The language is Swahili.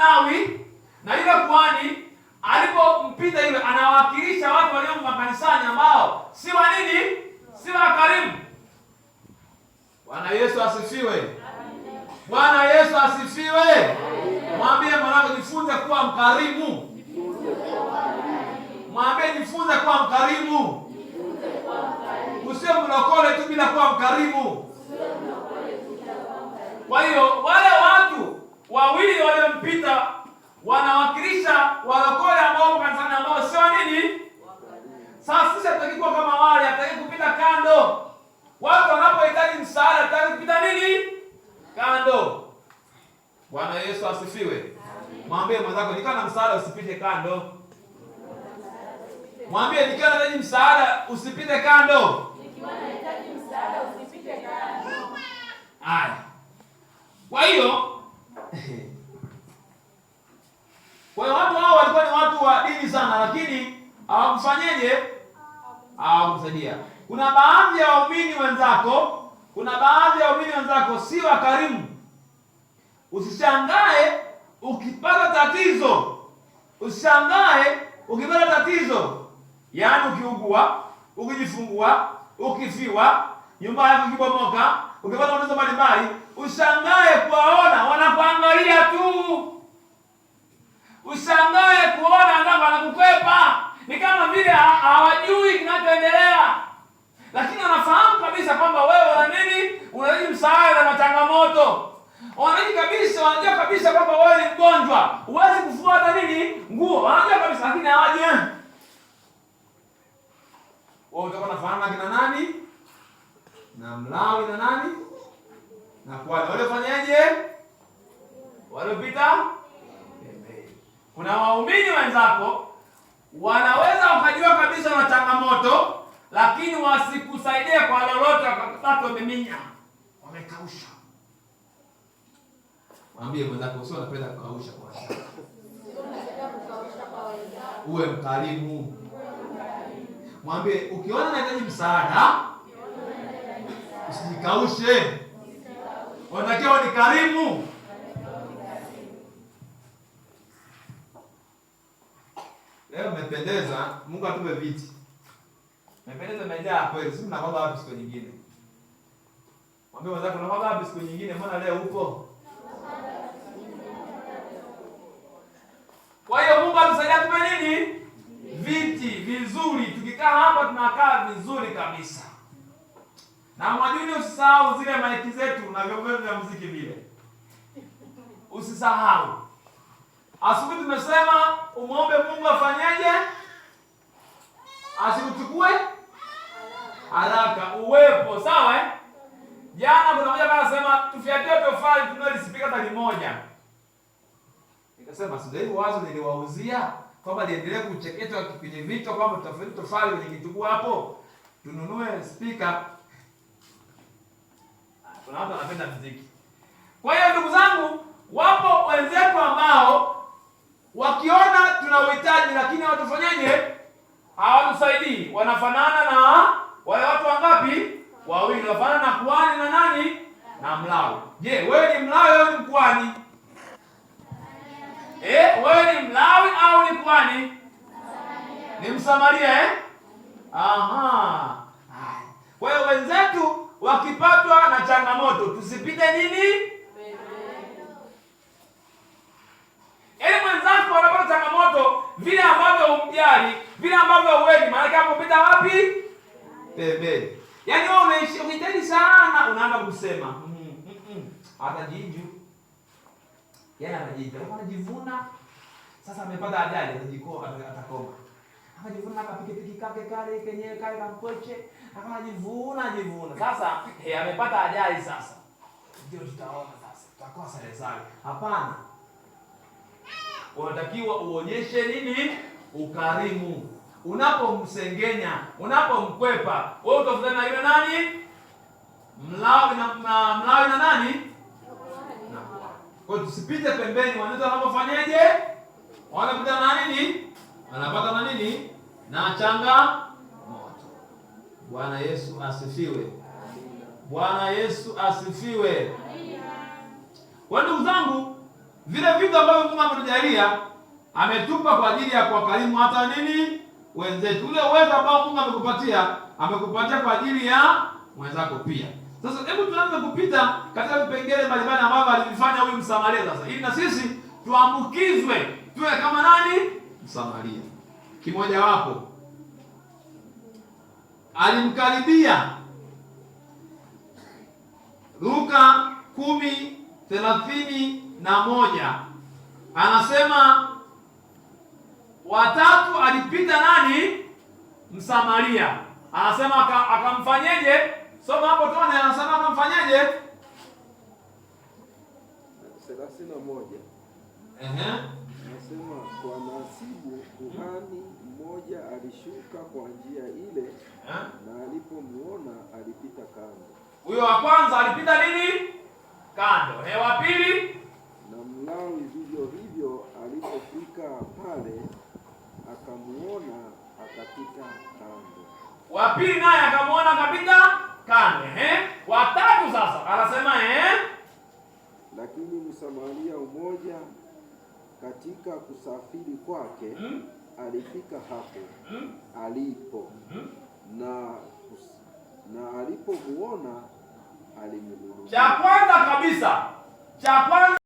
Mlawi na yule kuhani alipompita yule, anawakilisha watu walio makanisani ambao si wa nini, si wa karimu. Bwana Yesu asifiwe! Bwana Yesu asifiwe! Mwambie mwanangu, jifunze kuwa mkarimu. Mwambie jifunze kuwa mkarimu. Usiwe mlokole tu bila kuwa mkarimu. Kwa hiyo Sasa sisi hatutaki kuwa kama wale, hatutaki kupita kando. Watu wanapohitaji msaada, hatutaki kupita nini? Kando. Bwana Yesu asifiwe. Mwambie mwenzako nikiwa na msaada usipite kando. Mwambie nikiwa nahitaji msaada usipite kando. Nikiwa nahitaji msaada usipite kando. Haya. Kwa hiyo kwa hiyo watu hao walikuwa ni watu wa dini sana, lakini hawakufanyeje? hawakusaidia. Kuna baadhi ya waumini wenzako, kuna baadhi ya waumini wenzako si wakarimu. Usishangae ukipata tatizo, usishangae ukipata tatizo, yaani ukiugua, ukijifungua, ukifiwa, nyumba yako ikibomoka, ukipata matatizo mbalimbali, ushangae kuwaona wanakuangalia tu, ushangae kuona wanakukwepa ni kama vile hawajui kinachoendelea, lakini wanafahamu kabisa kwamba wewe una nini, unahitaji msaada na machangamoto. Wanajua kabisa, wanajua kabisa kwamba wewe ni mgonjwa, huwezi kufuata nini nguo, wanajua kabisa, lakini hawaje. Wewe utakuwa nafahamu akina nani na Mlawi na nani na kwa wale fanyaje waliopita, kuna waumini wenzako wanaweza wakajua kabisa na changamoto, lakini wasikusaidia kwa lolote, wakakupata umeminya, wamekausha. Mwambie mwenzako sio napenda kukausha kwa uwe mkarimu. Mwambie ukiona unahitaji msaada usijikaushe, unatakiwa ni karimu. Leo umependeza, Mungu atupe viti. Umependeza umejaa kweli, si mnakwamba wapi siku nyingine? Mwambie wenzako unakwamba wapi siku nyingine, mbona leo upo? Kwa hiyo Mungu atusaidia tupe nini? Viti vizuri. Tukikaa hapa tunakaa vizuri kabisa. Na mwajuni usisahau zile maiki zetu na vyombo vya muziki vile. Usisahau. Asubuhi tumesema umwombe Mungu afanyeje? Asikuchukue haraka uwepo, sawa eh? Jana kuna mmoja anasema tufiatie tofali tunalisipika hata limoja. Nikasema sasa hivi wazo niliwauzia kwamba niendelee kucheketwa kipindi vito kwamba tutafuta tofali kwenye kitugu hapo. Tununue spika. Kuna watu wanapenda muziki. Kwa hiyo ndugu zangu, wapo wenzetu ambao wakiona tuna uhitaji, lakini hawatufanyaje? Eh? Hawamsaidii, wanafanana na wale watu wangapi? Wawili, wanafanana na kuhani na nani na Mlawi. Je, wewe ni Mlawi au ni mkuhani? Eh, wewe ni Mlawi au ni kuhani? Ni Msamaria eh? Aha. Kwa hiyo wenzetu wakipatwa na changamoto tusipite nini Yaani mwenzako anapata changamoto vile ambavyo humjali, vile ambavyo huweni, maana hapo pita wapi? Pembeni. Yaani wewe unaishi ukijali sana unaanza kusema mm, mm, mm, mm. atajiju. Yaani atajiju, anajivuna. Sasa amepata ajali, atajikoa atakoma. Akajivuna akapika piki kake kale kenyewe kale na mkoche, akajivuna ajivuna. Sasa amepata ajali sasa. Ndio tutaona sasa. Tutakosa lesali. Hapana unatakiwa uonyeshe nini? Ukarimu. Unapomsengenya, unapomkwepa, wewe utafuta na yule nani? Mlawi na mlawi na nani? kwa tusipite pembeni, wanaweza wanapofanyaje? Wanapita na nini? anapata na nini? Na changa moto. Bwana Yesu asifiwe. Bwana Yesu asifiwe. Kwa ndugu zangu vile vitu ambavyo Mungu ametujalia ametupa kwa ajili ya kuwakarimu hata nini wenzetu. Ule uwezo ambao Mungu amekupatia amekupatia kwa ajili ya mwenzako pia. Sasa hebu tuanze kupita katika vipengele mbalimbali ambavyo alivifanya huyu Msamaria sasa, ili na sisi tuambukizwe tuwe kama nani? Msamaria. Kimojawapo alimkaribia Luka kumi thelathini na moja anasema watatu alipita nani? Msamaria. Anasema akamfanyeje? Soma hapo tuone, anasema akamfanyeje? thelathini na moja. Ehe, anasema kwa nasibu kuhani mmoja alishuka kwa njia ile Ehe, na alipomuona alipita kando. Huyo wa kwanza alipita nini? Kando. He, wa pili akamuona akapita kando. Wa pili naye akamuona akapita kando. Eh? tatu sasa anasema eh? Lakini Msamaria mmoja katika kusafiri kwake mm? alifika hapo mm? alipo mm? na na alipomuona alimhurumia. Cha kwanza kabisa cha kwanza